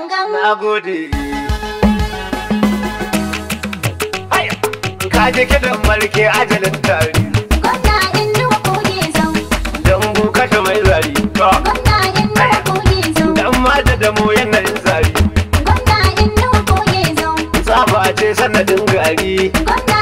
gangan. Na gode. Ka je kiɗan marke ajalin tari. Gwamna in nuwa koge zau. Dan buka ta mai zari. Gwamna in nuwa koge zau. Dan ma da damo mu yanayin zari. Gwamna in nuwa koge zau. Saba ce sanadin gari. Gwamna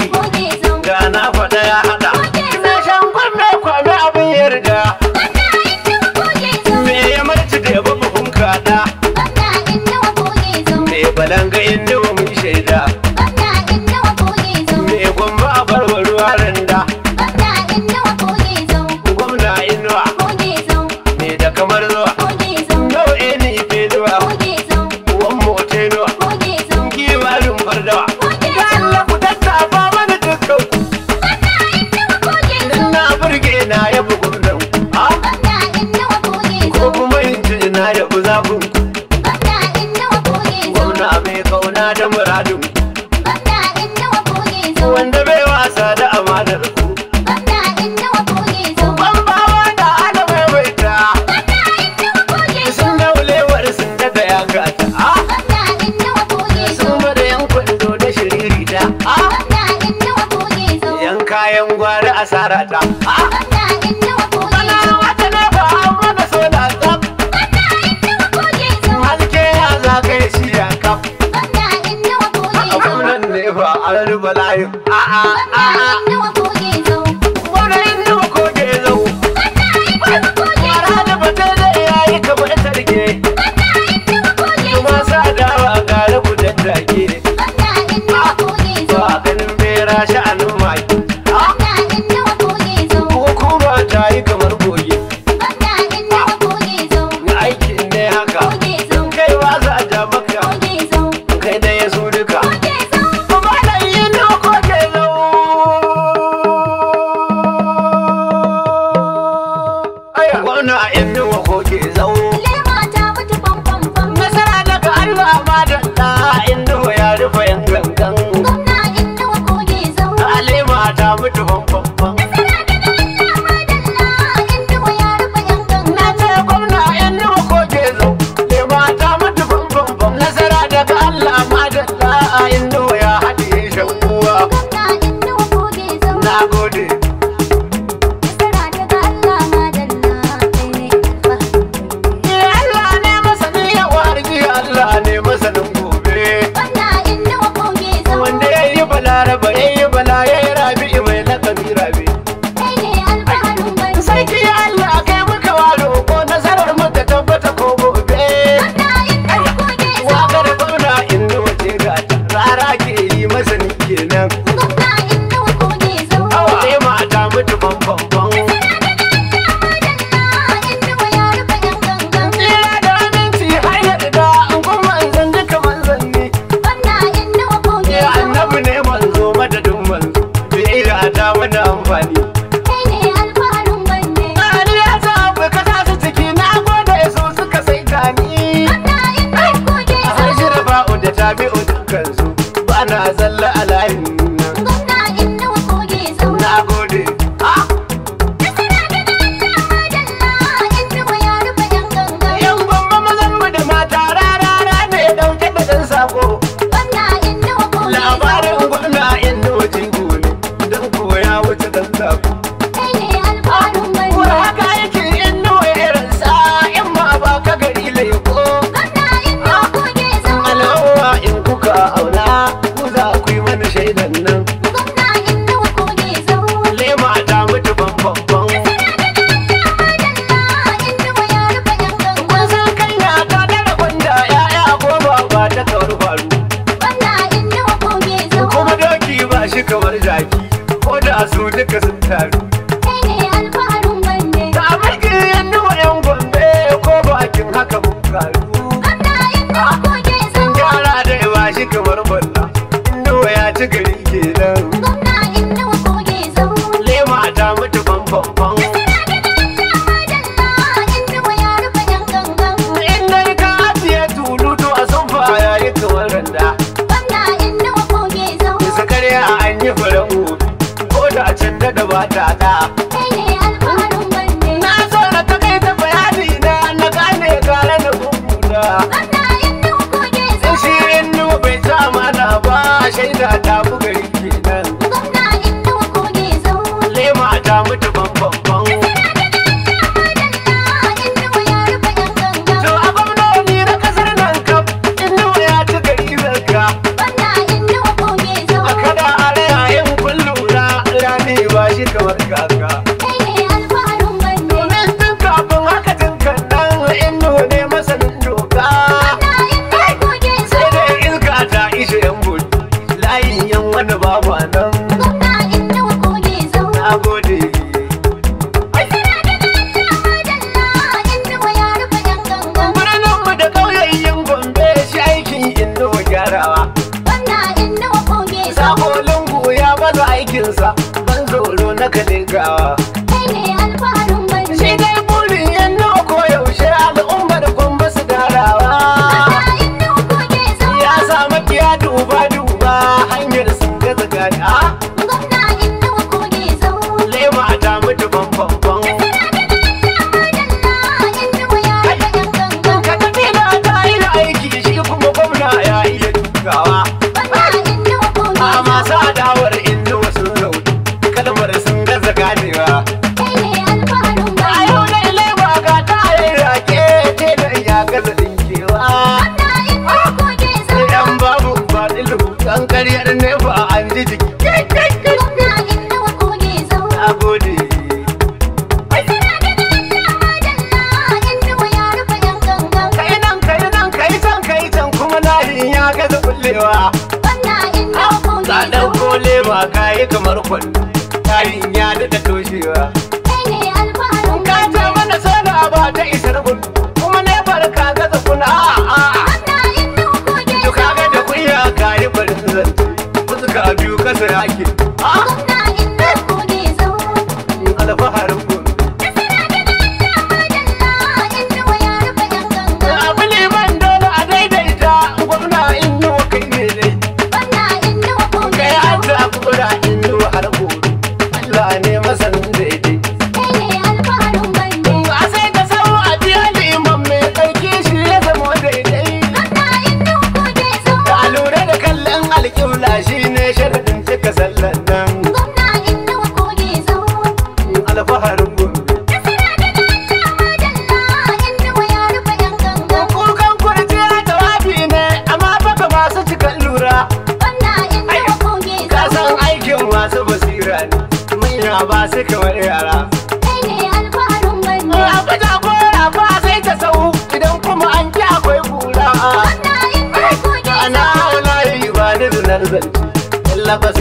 asarata. shut up. ake. Gwamna in na kone zo. Alfaharu. Lagos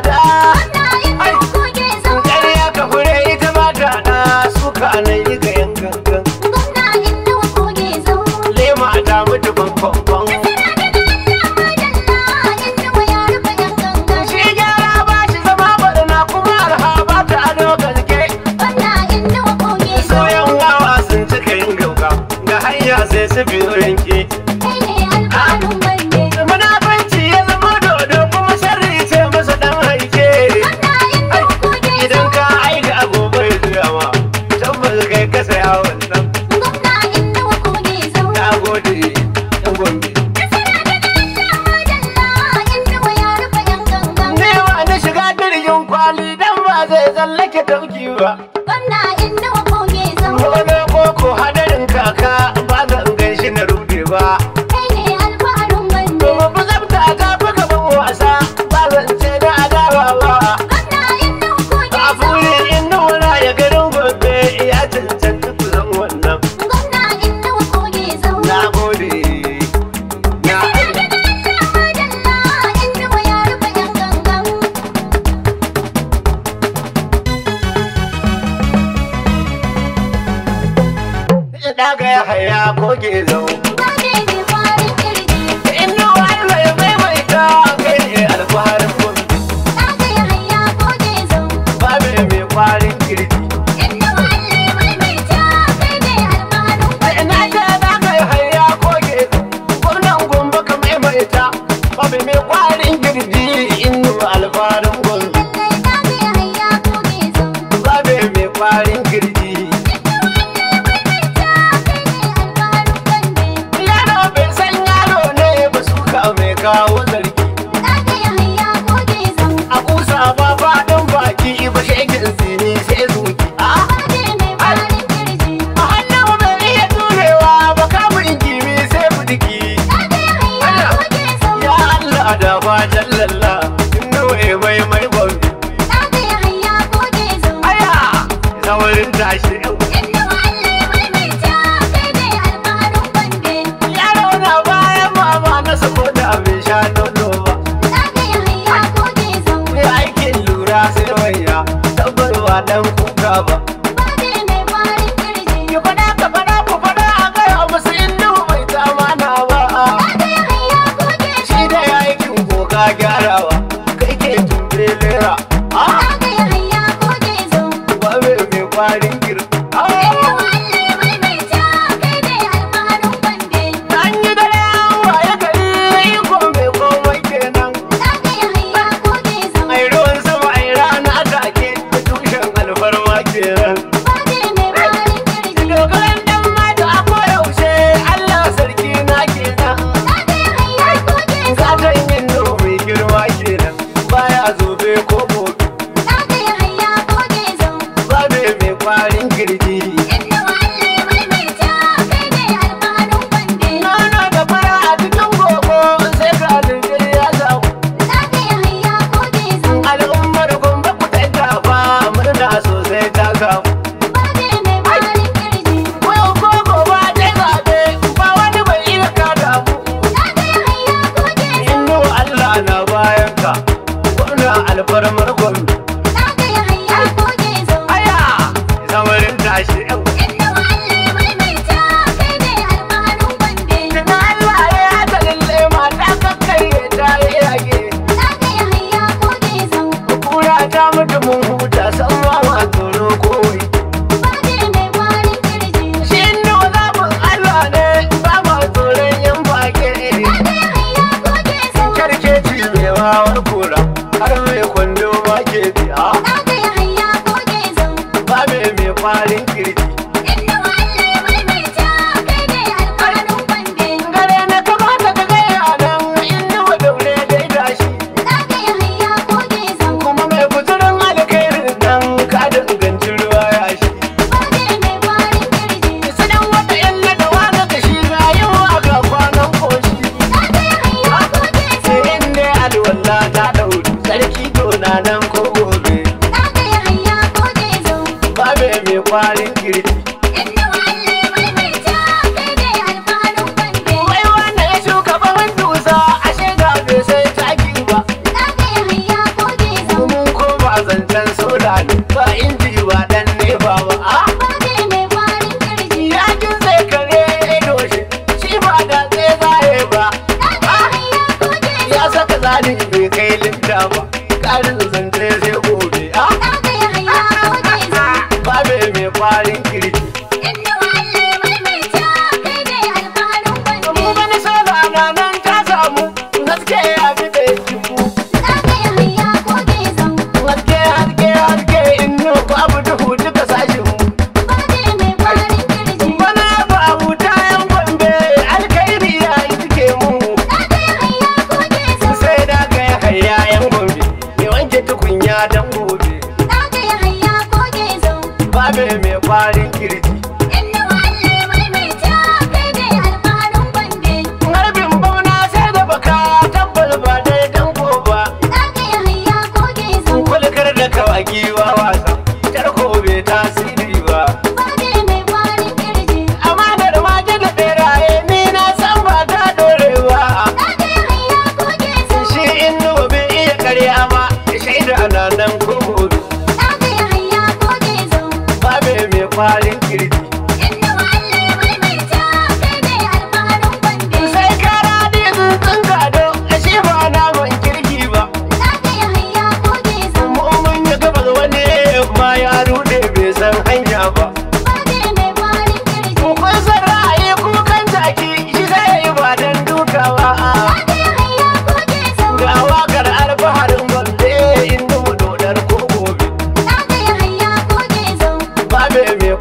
tsada Jalal. warin girji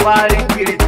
wari it.